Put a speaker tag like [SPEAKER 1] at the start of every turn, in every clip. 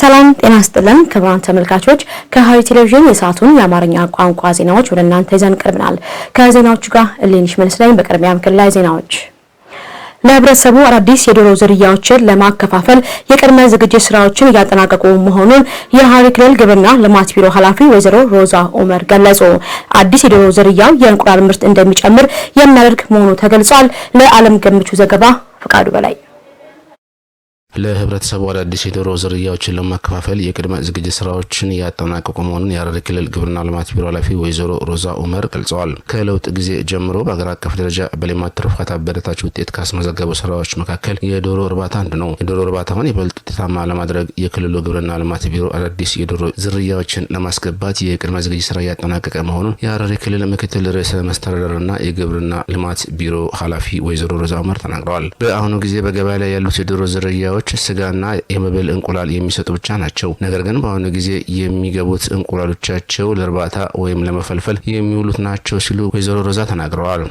[SPEAKER 1] ሰላም ጤና ስጥልን ክቡራን ተመልካቾች፣ ከሐረሪ ቴሌቪዥን የሰዓቱን የአማርኛ ቋንቋ ዜናዎች ወደ እናንተ ይዘን ቀርበናል። ከዜናዎቹ ጋር እሌንሽ መልስ ነኝ። በቅድሚያ ክልላዊ ዜናዎች። ለህብረተሰቡ አዳዲስ የዶሮ ዝርያዎችን ለማከፋፈል የቅድመ ዝግጅት ስራዎችን እያጠናቀቁ መሆኑን የሐረሪ ክልል ግብርና ልማት ቢሮ ኃላፊ ወይዘሮ ሮዛ ኡመር ገለጹ። አዲስ የዶሮ ዝርያው የእንቁላል ምርት እንደሚጨምር የሚያደርግ መሆኑ ተገልጿል። ለዓለም ገምቹ ዘገባ ፈቃዱ በላይ
[SPEAKER 2] ለህብረተሰቡ አዳዲስ የዶሮ ዝርያዎችን ለማከፋፈል የቅድመ ዝግጅት ስራዎችን ያጠናቀቁ መሆኑን የሀረሪ ክልል ግብርና ልማት ቢሮ ኃላፊ ወይዘሮ ሮዛ ኡመር ገልጸዋል። ከለውጥ ጊዜ ጀምሮ በአገር አቀፍ ደረጃ በሌማት ትሩፋት አበረታች ውጤት ካስመዘገቡ ስራዎች መካከል የዶሮ እርባታ አንዱ ነው። የዶሮ እርባታውን ይበልጥ ውጤታማ ለማድረግ የክልሉ ግብርና ልማት ቢሮ አዳዲስ የዶሮ ዝርያዎችን ለማስገባት የቅድመ ዝግጅት ስራ እያጠናቀቀ መሆኑን የሀረሪ ክልል ምክትል ርዕሰ መስተዳደርና የግብርና ልማት ቢሮ ኃላፊ ወይዘሮ ሮዛ ኡመር ተናግረዋል። በአሁኑ ጊዜ በገበያ ላይ ያሉት የዶሮ ዝርያዎች ገበያዎች ስጋና የመብል እንቁላል የሚሰጡ ብቻ ናቸው። ነገር ግን በአሁኑ ጊዜ የሚገቡት እንቁላሎቻቸው ለእርባታ ወይም ለመፈልፈል የሚውሉት ናቸው ሲሉ ወይዘሮ ሮዛ ተናግረዋል።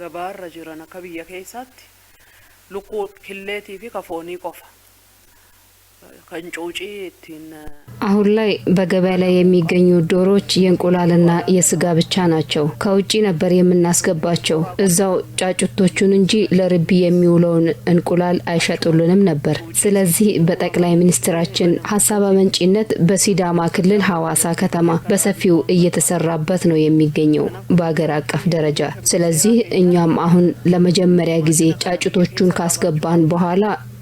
[SPEAKER 3] ገባራ ጅረና ከብየ ከይሳት ልቁ ኪሌቲ ፊ ከፎኒ ቆፋ
[SPEAKER 4] አሁን ላይ በገበያ ላይ የሚገኙ ዶሮዎች የእንቁላልና የስጋ ብቻ ናቸው። ከውጪ ነበር የምናስገባቸው። እዛው ጫጩቶቹን እንጂ ለርቢ የሚውለውን እንቁላል አይሸጡልንም ነበር። ስለዚህ በጠቅላይ ሚኒስትራችን ሀሳብ አመንጪነት በሲዳማ ክልል ሀዋሳ ከተማ በሰፊው እየተሰራበት ነው የሚገኘው በሀገር አቀፍ ደረጃ። ስለዚህ እኛም አሁን ለመጀመሪያ ጊዜ ጫጩቶቹን ካስገባን በኋላ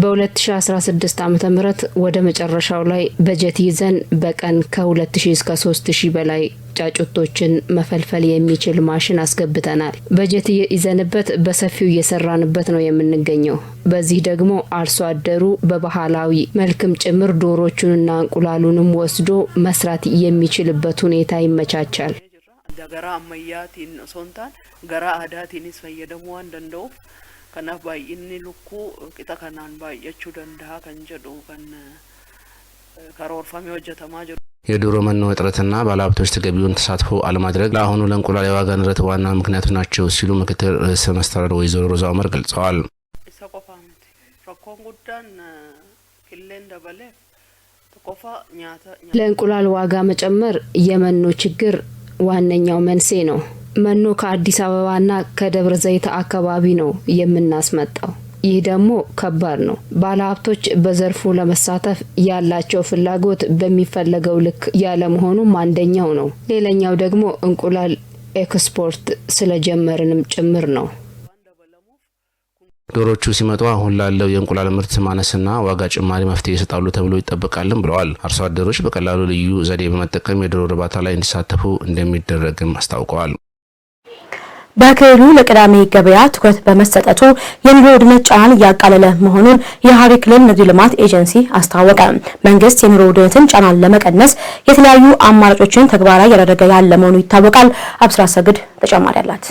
[SPEAKER 4] በ2016 ዓ ም ወደ መጨረሻው ላይ በጀት ይዘን በቀን ከ2000 እስከ 3000 በላይ ጫጩቶችን መፈልፈል የሚችል ማሽን አስገብተናል። በጀት ይዘንበት በሰፊው እየሰራንበት ነው የምንገኘው። በዚህ ደግሞ አርሶ አደሩ በባህላዊ መልክም ጭምር ዶሮቹንና እንቁላሉንም ወስዶ መስራት የሚችልበት ሁኔታ ይመቻቻል።
[SPEAKER 5] ገራ አመያቲን ሶንታን ገራ አዳቲንስ ፈየደሙዋን ደንደውፍ kanaaf baay'inni lukkuu qixa kanaan baay'achuu danda'a kan jedhu kan eh, karoorfamee hojjetamaa jiru
[SPEAKER 2] የዶሮ መኖ እጥረትና ባለሀብቶች ተገቢውን ተሳትፎ አለማድረግ ለአሁኑ ለእንቁላል የዋጋ ንረት ዋና ምክንያቱ ናቸው ሲሉ ምክትል ርዕሰ መስተዳድር ወይዘሮ ሮዛ ኡመር ገልጸዋል።
[SPEAKER 5] eh,
[SPEAKER 4] ለእንቁላል ዋጋ መጨመር የመኖ ችግር ዋነኛው መንስኤ ነው። መኖ ከአዲስ አበባና ከደብረ ዘይት አካባቢ ነው የምናስመጣው። ይህ ደግሞ ከባድ ነው። ባለሀብቶች በዘርፉ ለመሳተፍ ያላቸው ፍላጎት በሚፈለገው ልክ ያለመሆኑም አንደኛው ነው። ሌላኛው ደግሞ እንቁላል ኤክስፖርት ስለጀመርንም ጭምር ነው።
[SPEAKER 2] ዶሮቹ ሲመጡ አሁን ላለው የእንቁላል ምርት ማነስና ዋጋ ጭማሪ መፍትሄ ይሰጣሉ ተብሎ ይጠበቃልም ብለዋል። አርሶ አደሮች በቀላሉ ልዩ ዘዴ በመጠቀም የዶሮ እርባታ ላይ እንዲሳተፉ እንደሚደረግም አስታውቀዋል።
[SPEAKER 1] በክልሉ ለቅዳሜ ገበያ ትኩረት በመሰጠቱ የኑሮ ውድነት ጫናን እያቃለለ መሆኑን የሐረሪ ክልል ንግድ ልማት ኤጀንሲ አስታወቀ። መንግስት የኑሮ ውድነትን ጫናን ለመቀነስ የተለያዩ አማራጮችን ተግባራዊ እያደረገ ያለ መሆኑ ይታወቃል። አብስራ ሰግድ ተጨማሪ አላት።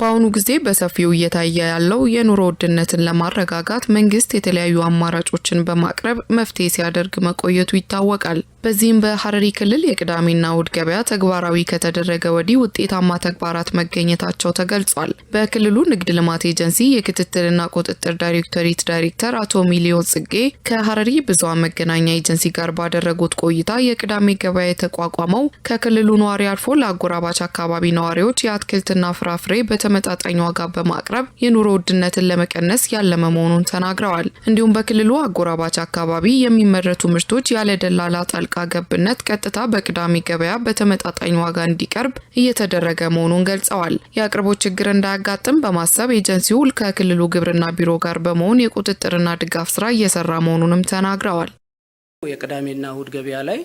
[SPEAKER 4] በአሁኑ ጊዜ በሰፊው እየታየ ያለው የኑሮ ውድነትን ለማረጋጋት መንግስት የተለያዩ አማራጮችን በማቅረብ መፍትሄ ሲያደርግ መቆየቱ ይታወቃል። በዚህም በሐረሪ ክልል የቅዳሜና እሁድ ገበያ ተግባራዊ ከተደረገ ወዲህ ውጤታማ ተግባራት መገኘታቸው ተገልጿል። በክልሉ ንግድ ልማት ኤጀንሲ የክትትልና ቁጥጥር ዳይሬክቶሬት ዳይሬክተር አቶ ሚሊዮን ጽጌ ከሐረሪ ብዙሃን መገናኛ ኤጀንሲ ጋር ባደረጉት ቆይታ የቅዳሜ ገበያ የተቋቋመው ከክልሉ ነዋሪ አልፎ ለአጎራባች አካባቢ ነዋሪዎች የአትክልትና ፍራፍሬ በተ ተመጣጣኝ ዋጋ በማቅረብ የኑሮ ውድነትን ለመቀነስ ያለመ መሆኑን ተናግረዋል። እንዲሁም በክልሉ አጎራባች አካባቢ የሚመረቱ ምርቶች ያለ ደላላ ጣልቃ ገብነት ቀጥታ በቅዳሜ ገበያ በተመጣጣኝ ዋጋ እንዲቀርብ እየተደረገ መሆኑን ገልጸዋል። የአቅርቦት ችግር እንዳያጋጥም በማሰብ ኤጀንሲው ከክልሉ ግብርና ቢሮ ጋር በመሆን የቁጥጥርና ድጋፍ ስራ እየሰራ መሆኑንም ተናግረዋል።
[SPEAKER 6] የቅዳሜና እሁድ ገበያ ላይ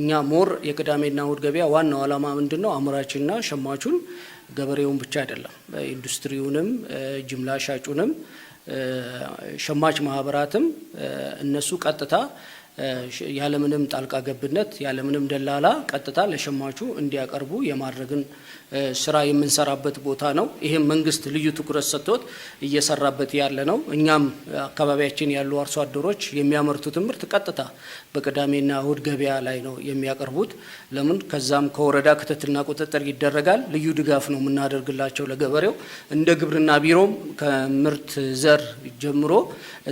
[SPEAKER 6] እኛ ሞር የቅዳሜና እሁድ ገበያ ዋናው ዓላማ ምንድን ነው? ሸማቹን ገበሬውን ብቻ አይደለም፣ ኢንዱስትሪውንም፣ ጅምላ ሻጩንም፣ ሸማች ማህበራትም እነሱ ቀጥታ ያለምንም ጣልቃ ገብነት ያለምንም ደላላ ቀጥታ ለሸማቹ እንዲያቀርቡ የማድረግን ስራ የምንሰራበት ቦታ ነው። ይህም መንግስት ልዩ ትኩረት ሰጥቶት እየሰራበት ያለ ነው። እኛም አካባቢያችን ያሉ አርሶ አደሮች የሚያመርቱትን ምርት ቀጥታ በቅዳሜና እሁድ ገበያ ላይ ነው የሚያቀርቡት። ለምን? ከዛም ከወረዳ ክትትልና ቁጥጥር ይደረጋል። ልዩ ድጋፍ ነው የምናደርግላቸው ለገበሬው እንደ ግብርና ቢሮም ከምርት ዘር ጀምሮ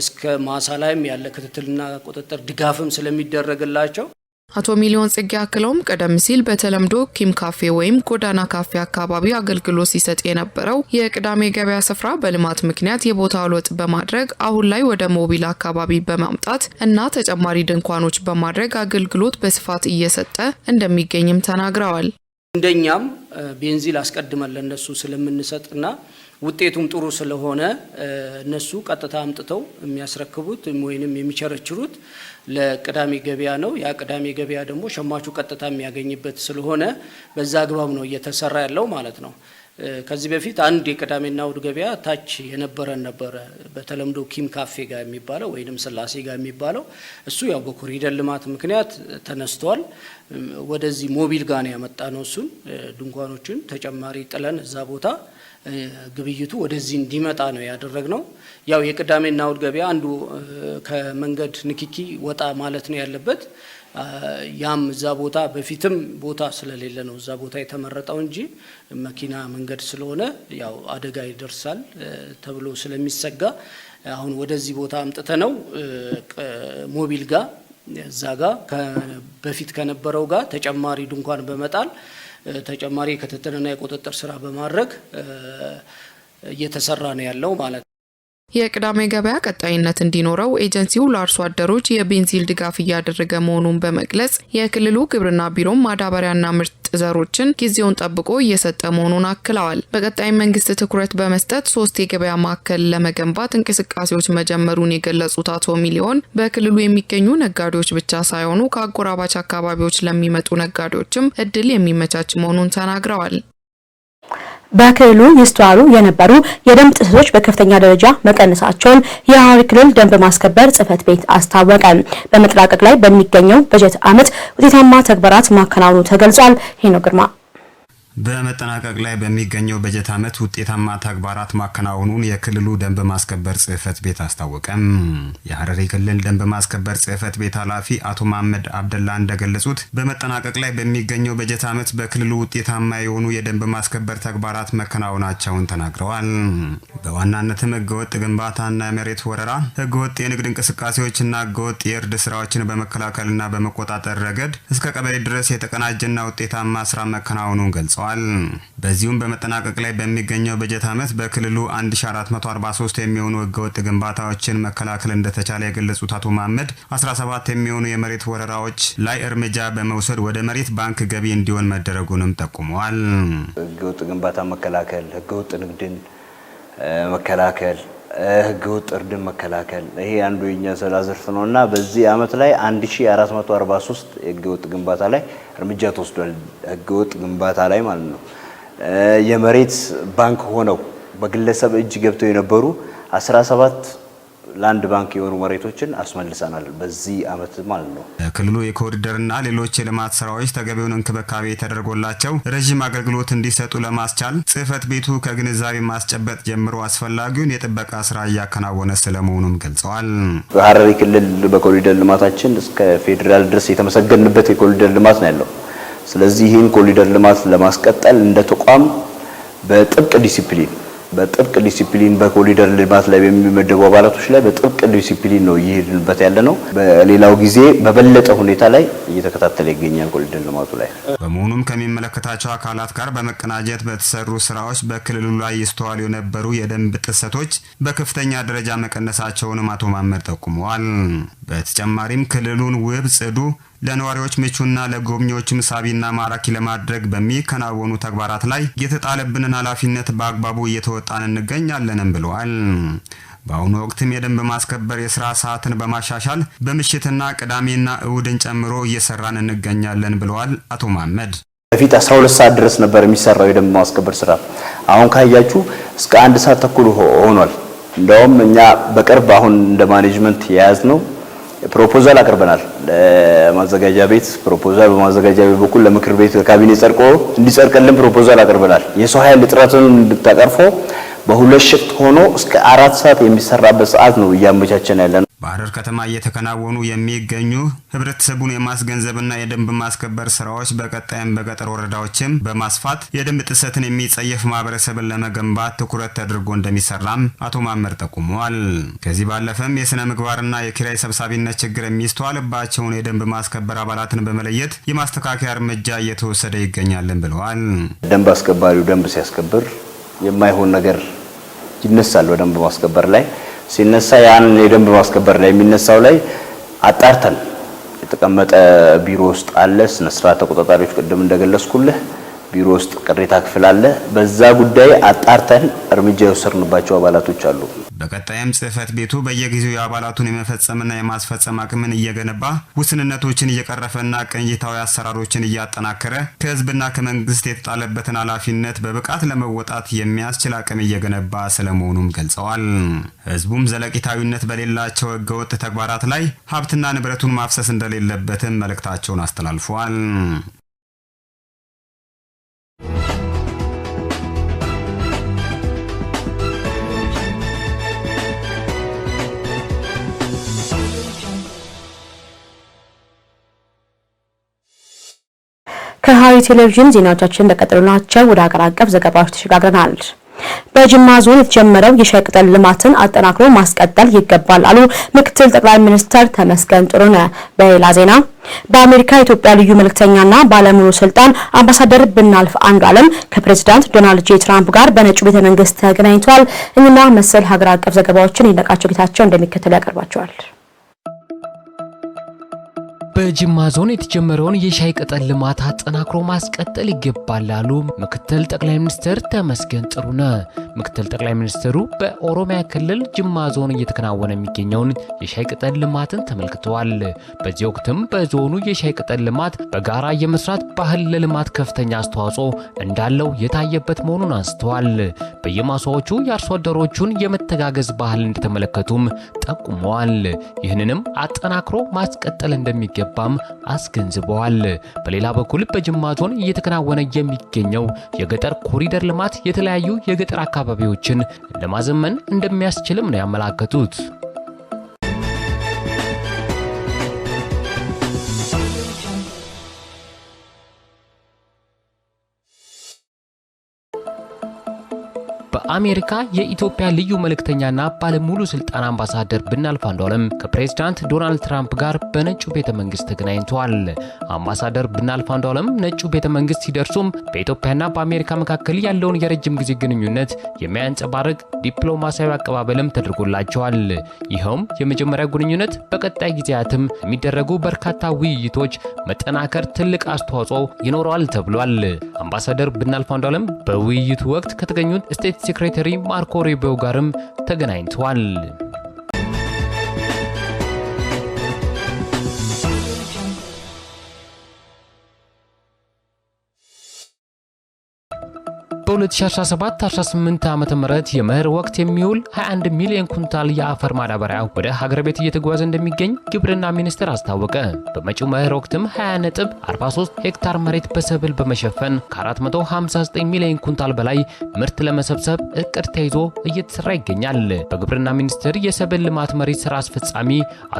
[SPEAKER 6] እስከ ማሳ ላይም ያለ ክትትልና ቁጥጥር ድጋፍ ድጋፍም ስለሚደረግላቸው
[SPEAKER 4] አቶ ሚሊዮን ጽጌ አክለውም ቀደም ሲል በተለምዶ ኪም ካፌ ወይም ጎዳና ካፌ አካባቢ አገልግሎት ሲሰጥ የነበረው የቅዳሜ ገበያ ስፍራ በልማት ምክንያት የቦታ ለውጥ በማድረግ አሁን ላይ ወደ ሞቢል አካባቢ በማምጣት እና ተጨማሪ ድንኳኖች በማድረግ አገልግሎት በስፋት እየሰጠ እንደሚገኝም ተናግረዋል።
[SPEAKER 6] እንደኛም ቤንዚል አስቀድመን ለእነሱ ስለምንሰጥና ውጤቱም ጥሩ ስለሆነ እነሱ ቀጥታ አምጥተው የሚያስረክቡት ወይንም የሚቸረችሩት ለቅዳሜ ገበያ ነው። ያ ቅዳሜ ገበያ ደግሞ ሸማቹ ቀጥታ የሚያገኝበት ስለሆነ በዛ አግባብ ነው እየተሰራ ያለው ማለት ነው። ከዚህ በፊት አንድ የቅዳሜና እሁድ ገበያ ታች የነበረን ነበረ። በተለምዶ ኪም ካፌ ጋር የሚባለው ወይም ስላሴ ጋር የሚባለው እሱ ያው በኮሪደር ልማት ምክንያት ተነስቷል። ወደዚህ ሞቢል ጋር ነው ያመጣ ነው። እሱን ድንኳኖችን ተጨማሪ ጥለን እዛ ቦታ ግብይቱ ወደዚህ እንዲመጣ ነው ያደረግነው። ያው የቅዳሜና እሁድ ገበያ አንዱ ከመንገድ ንክኪ ወጣ ማለት ነው ያለበት። ያም እዛ ቦታ በፊትም ቦታ ስለሌለ ነው እዛ ቦታ የተመረጠው እንጂ መኪና መንገድ ስለሆነ ያው አደጋ ይደርሳል ተብሎ ስለሚሰጋ አሁን ወደዚህ ቦታ አምጥተ ነው ሞቢል ጋር እዛ ጋር በፊት ከነበረው ጋር ተጨማሪ ድንኳን በመጣል ተጨማሪ የክትትልና የቁጥጥር ስራ በማድረግ እየተሰራ ነው ያለው ማለት ነው።
[SPEAKER 4] የቅዳሜ ገበያ ቀጣይነት እንዲኖረው ኤጀንሲው ለአርሶ አደሮች የቤንዚል ድጋፍ እያደረገ መሆኑን በመግለጽ የክልሉ ግብርና ቢሮም ማዳበሪያና ምርት ዘሮችን ጊዜውን ጠብቆ እየሰጠ መሆኑን አክለዋል። በቀጣይ መንግስት ትኩረት በመስጠት ሶስት የገበያ ማዕከል ለመገንባት እንቅስቃሴዎች መጀመሩን የገለጹት አቶ ሚሊዮን በክልሉ የሚገኙ ነጋዴዎች ብቻ ሳይሆኑ ከአጎራባች አካባቢዎች ለሚመጡ ነጋዴዎችም እድል የሚመቻች መሆኑን ተናግረዋል።
[SPEAKER 1] በክልሉ ይስተዋሉ የነበሩ የደንብ ጥሰቶች በከፍተኛ ደረጃ መቀነሳቸውን የሐረሪ ክልል ደንብ ማስከበር ጽፈት ቤት አስታወቀ። በመጠናቀቅ ላይ በሚገኘው በጀት ዓመት ውጤታማ ተግባራት ማከናወኑ ተገልጿል። ሄኖ ግርማ
[SPEAKER 7] በመጠናቀቅ ላይ በሚገኘው በጀት ዓመት ውጤታማ ተግባራት ማከናወኑን የክልሉ ደንብ ማስከበር ጽህፈት ቤት አስታወቀም። የሐረሪ ክልል ደንብ ማስከበር ጽህፈት ቤት ኃላፊ አቶ መሐመድ አብደላ እንደገለጹት በመጠናቀቅ ላይ በሚገኘው በጀት ዓመት በክልሉ ውጤታማ የሆኑ የደንብ ማስከበር ተግባራት መከናወናቸውን ተናግረዋል። በዋናነትም ህገወጥ ግንባታና የመሬት ወረራ፣ ህገወጥ የንግድ እንቅስቃሴዎችና ህገወጥ የእርድ ስራዎችን በመከላከልና በመቆጣጠር ረገድ እስከ ቀበሌ ድረስ የተቀናጀና ውጤታማ ስራ መከናወኑን ገልጸዋል። አስታውቀዋል። በዚሁም በመጠናቀቅ ላይ በሚገኘው በጀት ዓመት በክልሉ 1443 የሚሆኑ ህገወጥ ግንባታዎችን መከላከል እንደተቻለ የገለጹት አቶ መሐመድ 17 የሚሆኑ የመሬት ወረራዎች ላይ እርምጃ በመውሰድ ወደ መሬት ባንክ ገቢ እንዲሆን መደረጉንም ጠቁመዋል።
[SPEAKER 8] ህገወጥ ግንባታ መከላከል፣ ህገወጥ ንግድን መከላከል ህገወጥ እርድን መከላከል ይሄ አንዱ የኛ ስራ ዘርፍ ነው እና በዚህ አመት ላይ 1443 የህገወጥ ግንባታ ላይ እርምጃ ተወስዷል። ህገወጥ ግንባታ ላይ ማለት ነው። የመሬት ባንክ ሆነው በግለሰብ እጅ ገብተው የነበሩ 17 ላንድ ባንክ የሆኑ መሬቶችን አስመልሰናል በዚህ አመት ማለት ነው።
[SPEAKER 2] ክልሉ የኮሪደርና ሌሎች የልማት ስራዎች ተገቢውን እንክብካቤ ተደርጎላቸው ረዥም አገልግሎት እንዲሰጡ ለማስቻል ጽህፈት ቤቱ ከግንዛቤ ማስጨበጥ ጀምሮ አስፈላጊውን የጥበቃ ስራ እያከናወነ ስለመሆኑም ገልጸዋል።
[SPEAKER 8] በሀረሪ ክልል በኮሪደር ልማታችን እስከ ፌዴራል ድረስ የተመሰገንበት የኮሪደር ልማት ነው ያለው። ስለዚህ ይህን ኮሪደር ልማት ለማስቀጠል እንደ ተቋም በጥብቅ ዲሲፕሊን በጥብቅ ዲሲፕሊን በኮሪደር ልማት ላይ በሚመደቡ አባላቶች ላይ በጥብቅ ዲሲፕሊን ነው እየሄድንበት ያለ ነው። በሌላው ጊዜ በበለጠ ሁኔታ ላይ እየተከታተለ ይገኛል ኮሪደር ልማቱ ላይ።
[SPEAKER 7] በመሆኑም ከሚመለከታቸው አካላት ጋር በመቀናጀት በተሰሩ ስራዎች በክልሉ ላይ ይስተዋሉ የነበሩ የደንብ ጥሰቶች በከፍተኛ ደረጃ መቀነሳቸውንም አቶ ማመድ ጠቁመዋል። በተጨማሪም ክልሉን ውብ፣ ጽዱ፣ ለነዋሪዎች ምቹና ለጎብኚዎችም ሳቢና ማራኪ ለማድረግ በሚከናወኑ ተግባራት ላይ የተጣለብንን ኃላፊነት በአግባቡ እየተወጣን እንገኛለንም ብለዋል። በአሁኑ ወቅትም የደንብ ማስከበር የስራ ሰዓትን በማሻሻል በምሽትና ቅዳሜና እሁድን ጨምሮ እየሰራን እንገኛለን ብለዋል አቶ መሀመድ።
[SPEAKER 8] በፊት 12 ሰዓት ድረስ ነበር የሚሰራው የደንብ ማስከበር ስራ። አሁን ካያችሁ እስከ አንድ ሰዓት ተኩል ሆኗል። እንደውም እኛ በቅርብ አሁን እንደ ማኔጅመንት የያዝ ነው ፕሮፖዛል አቅርበናል። ለማዘጋጃ ቤት ፕሮፖዛል በማዘጋጃ ቤት በኩል ለምክር ቤት ካቢኔ ጸድቆ እንዲጸድቅልን ፕሮፖዛል አቅርበናል። የሰው ኃይል እጥረትን እንድታቀርፎ በሁለት ሽፍት ሆኖ እስከ አራት ሰዓት የሚሰራበት ሰዓት ነው እያመቻቸን ያለነው።
[SPEAKER 7] በሐረር ከተማ እየተከናወኑ የሚገኙ ህብረተሰቡን የማስገንዘብና የደንብ ማስከበር ስራዎች በቀጣይም በገጠር ወረዳዎችም በማስፋት የደንብ ጥሰትን የሚጸየፍ ማህበረሰብን ለመገንባት ትኩረት ተደርጎ እንደሚሰራም አቶ ማመር ጠቁመዋል። ከዚህ ባለፈም የስነ ምግባርና የኪራይ ሰብሳቢነት ችግር የሚስተዋልባቸውን የደንብ ማስከበር አባላትን በመለየት የማስተካከያ እርምጃ እየተወሰደ ይገኛልን ብለዋል።
[SPEAKER 8] ደንብ አስከባሪው ደንብ ሲያስከብር የማይሆን ነገር ይነሳል በደንብ ማስከበር ላይ ሲነሳ ያን የደንብ ማስከበር ላይ የሚነሳው ላይ አጣርተን የተቀመጠ ቢሮ ውስጥ አለ። ስነ ተቆጣጣሪዎች ቅድም እንደገለጽኩልህ ቢሮ ውስጥ ቅሬታ ክፍል አለ። በዛ ጉዳይ አጣርተን እርምጃ የወሰድንባቸው አባላቶች አሉ።
[SPEAKER 7] በቀጣይም ጽህፈት ቤቱ በየጊዜው የአባላቱን የመፈጸምና የማስፈጸም አቅምን እየገነባ ውስንነቶችን እየቀረፈና ቅንጅታዊ አሰራሮችን እያጠናከረ ከህዝብና ከመንግስት የተጣለበትን ኃላፊነት በብቃት ለመወጣት የሚያስችል አቅም እየገነባ ስለመሆኑም ገልጸዋል። ህዝቡም ዘለቂታዊነት በሌላቸው ህገወጥ ተግባራት ላይ ሀብትና ንብረቱን ማፍሰስ እንደሌለበትም መልእክታቸውን አስተላልፈዋል።
[SPEAKER 1] ከሐረሪ ቴሌቪዥን ዜናዎቻችን እንደቀጠሉ ናቸው። ወደ ሀገር አቀፍ ዘገባዎች ተሸጋግረናል። በጅማ ዞን የተጀመረው የሸቅጠል ልማትን አጠናክሮ ማስቀጠል ይገባል አሉ ምክትል ጠቅላይ ሚኒስትር ተመስገን ጥሩነህ። በሌላ ዜና በአሜሪካ የኢትዮጵያ ልዩ መልእክተኛና ባለሙሉ ስልጣን አምባሳደር ብናልፍ አንዱ አለም ከፕሬዚዳንት ዶናልድ ጄ ትራምፕ ጋር በነጩ ቤተ መንግስት ተገናኝቷል። እኝና መሰል ሀገር አቀፍ ዘገባዎችን ይነቃቸው ጌታቸው እንደሚከተል ያቀርባቸዋል። በጅማ ዞን የተጀመረውን የሻይ ቅጠል ልማት አጠናክሮ ማስቀጠል ይገባል አሉ ምክትል ጠቅላይ ሚኒስትር ተመስገን ጥሩነህ። ምክትል ጠቅላይ ሚኒስትሩ በኦሮሚያ ክልል ጅማ ዞን እየተከናወነ የሚገኘውን የሻይ ቅጠል ልማትን ተመልክተዋል። በዚህ ወቅትም በዞኑ የሻይ ቅጠል ልማት በጋራ የመስራት ባህል ለልማት ከፍተኛ አስተዋጽኦ እንዳለው የታየበት መሆኑን አንስተዋል። በየማሳዎቹ የአርሶ አደሮቹን የመተጋገዝ ባህል እንደተመለከቱም ጠቁመዋል። ይህንንም አጠናክሮ ማስቀጠል እንደሚገ እንደሚገባም አስገንዝበዋል። በሌላ በኩል በጅማ ዞን እየተከናወነ የሚገኘው የገጠር ኮሪደር ልማት የተለያዩ የገጠር አካባቢዎችን ለማዘመን እንደሚያስችልም ነው ያመላከቱት። አሜሪካ የኢትዮጵያ ልዩ መልእክተኛና ባለሙሉ ስልጣን አምባሳደር ብናልፍ አንዷለም ከፕሬዝዳንት ዶናልድ ትራምፕ ጋር በነጩ ቤተ መንግስት ተገናኝተዋል። አምባሳደር ብናልፍ አንዷለም ነጩ ቤተ መንግስት ሲደርሱም በኢትዮጵያና በአሜሪካ መካከል ያለውን የረጅም ጊዜ ግንኙነት የሚያንጸባርቅ ዲፕሎማሲያዊ አቀባበልም ተደርጎላቸዋል። ይኸውም የመጀመሪያ ግንኙነት በቀጣይ ጊዜያትም የሚደረጉ በርካታ ውይይቶች መጠናከር ትልቅ አስተዋጽኦ ይኖረዋል ተብሏል። አምባሳደር ብናልፍ አንዷለም በውይይቱ ወቅት ከተገኙት ስቴት ሴክሬተሪ ማርኮ ሩቢዮ ጋርም ተገናኝተዋል። በ2017-18 ዓ ም የመኸር ወቅት የሚውል 21 ሚሊዮን ኩንታል የአፈር ማዳበሪያ ወደ ሀገር ቤት እየተጓዘ እንደሚገኝ ግብርና ሚኒስቴር አስታወቀ። በመጪው መኸር ወቅትም 20.43 ሄክታር መሬት በሰብል በመሸፈን ከ459 ሚሊዮን ኩንታል በላይ ምርት ለመሰብሰብ እቅድ ተይዞ እየተሰራ ይገኛል። በግብርና ሚኒስቴር የሰብል ልማት መሬት ስራ አስፈጻሚ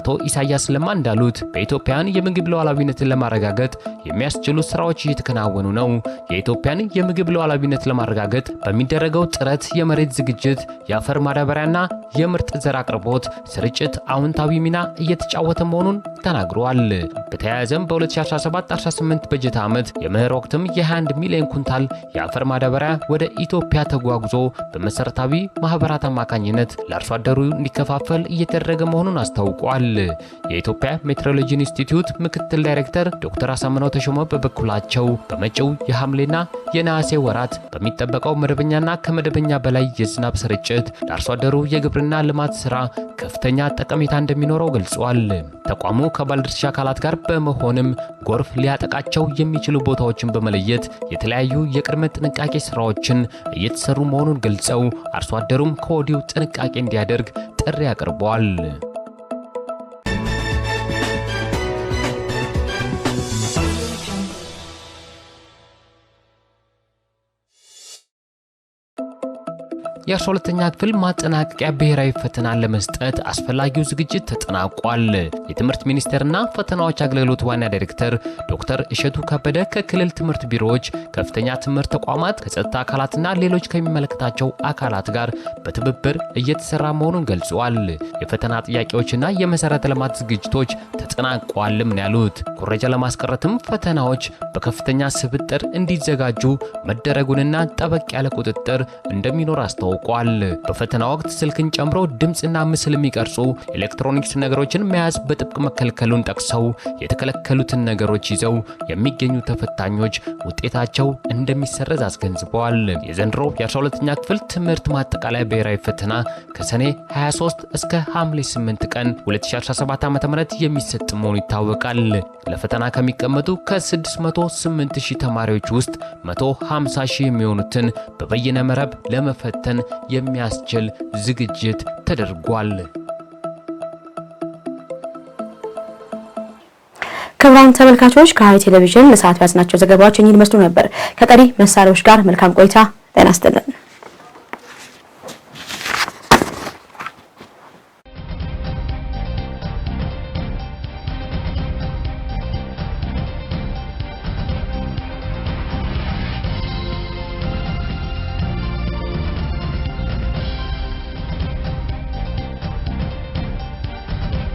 [SPEAKER 1] አቶ ኢሳያስ ለማ እንዳሉት በኢትዮጵያን የምግብ ለዋላዊነትን ለማረጋገጥ የሚያስችሉ ስራዎች እየተከናወኑ ነው። የኢትዮጵያን የምግብ ለዋላዊነት ለማ ለማረጋገጥ በሚደረገው ጥረት የመሬት ዝግጅት፣ የአፈር ማዳበሪያና የምርጥ ዘር አቅርቦት ስርጭት አዎንታዊ ሚና እየተጫወተ መሆኑን ተናግረዋል። በተያያዘም በ2017/18 በጀት ዓመት የመኸር ወቅትም የ21 ሚሊዮን ኩንታል የአፈር ማዳበሪያ ወደ ኢትዮጵያ ተጓጉዞ በመሰረታዊ ማህበራት አማካኝነት ለአርሶ አደሩ እንዲከፋፈል እየተደረገ መሆኑን አስታውቋል። የኢትዮጵያ ሜትሮሎጂ ኢንስቲትዩት ምክትል ዳይሬክተር ዶክተር አሳምነው ተሾመ በበኩላቸው በመጪው የሐምሌና የነሐሴ ወራት በሚ የሚጠበቀው መደበኛና ከመደበኛ በላይ የዝናብ ስርጭት ለአርሶ አደሩ የግብርና ልማት ስራ ከፍተኛ ጠቀሜታ እንደሚኖረው ገልጿል። ተቋሙ ከባለድርሻ አካላት ጋር በመሆንም ጎርፍ ሊያጠቃቸው የሚችሉ ቦታዎችን በመለየት የተለያዩ የቅድመ ጥንቃቄ ስራዎችን እየተሰሩ መሆኑን ገልጸው አርሶ አደሩም ከወዲሁ ጥንቃቄ እንዲያደርግ ጥሪ አቅርበዋል። የ12ተኛ ክፍል ማጠናቀቂያ ብሔራዊ ፈተናን ለመስጠት አስፈላጊው ዝግጅት ተጠናቋል። የትምህርት ሚኒስቴርና ፈተናዎች አገልግሎት ዋና ዳይሬክተር ዶክተር እሸቱ ከበደ ከክልል ትምህርት ቢሮዎች፣ ከፍተኛ ትምህርት ተቋማት፣ ከጸጥታ አካላትና ሌሎች ከሚመለከታቸው አካላት ጋር በትብብር እየተሰራ መሆኑን ገልጸዋል። የፈተና ጥያቄዎችና የመሰረተ ልማት ዝግጅቶች ተጠናቋልም ነው ያሉት። ኩረጃ ለማስቀረትም ፈተናዎች በከፍተኛ ስብጥር እንዲዘጋጁ መደረጉንና ጠበቅ ያለ ቁጥጥር እንደሚኖር አስተው ታውቋል። በፈተና ወቅት ስልክን ጨምሮ ድምፅና ምስል የሚቀርጹ ኤሌክትሮኒክስ ነገሮችን መያዝ በጥብቅ መከልከሉን ጠቅሰው የተከለከሉትን ነገሮች ይዘው የሚገኙ ተፈታኞች ውጤታቸው እንደሚሰረዝ አስገንዝበዋል። የዘንድሮ የ12ኛ ክፍል ትምህርት ማጠቃለያ ብሔራዊ ፈተና ከሰኔ 23 እስከ ሐምሌ 8 ቀን 2017 ዓ.ም የሚሰጥ መሆኑ ይታወቃል። ለፈተና ከሚቀመጡ ከ608 ሺህ ተማሪዎች ውስጥ 150 ሺህ የሚሆኑትን በበይነ መረብ ለመፈተን ለመበተን የሚያስችል ዝግጅት ተደርጓል። ክቡራን ተመልካቾች ከሀይ ቴሌቪዥን ለሰዓት ያዝናቸው ዘገባዎች እኚህን ይመስሉ ነበር። ከቀሪ መሳሪያዎች ጋር መልካም ቆይታ ጤና ይስጥልን።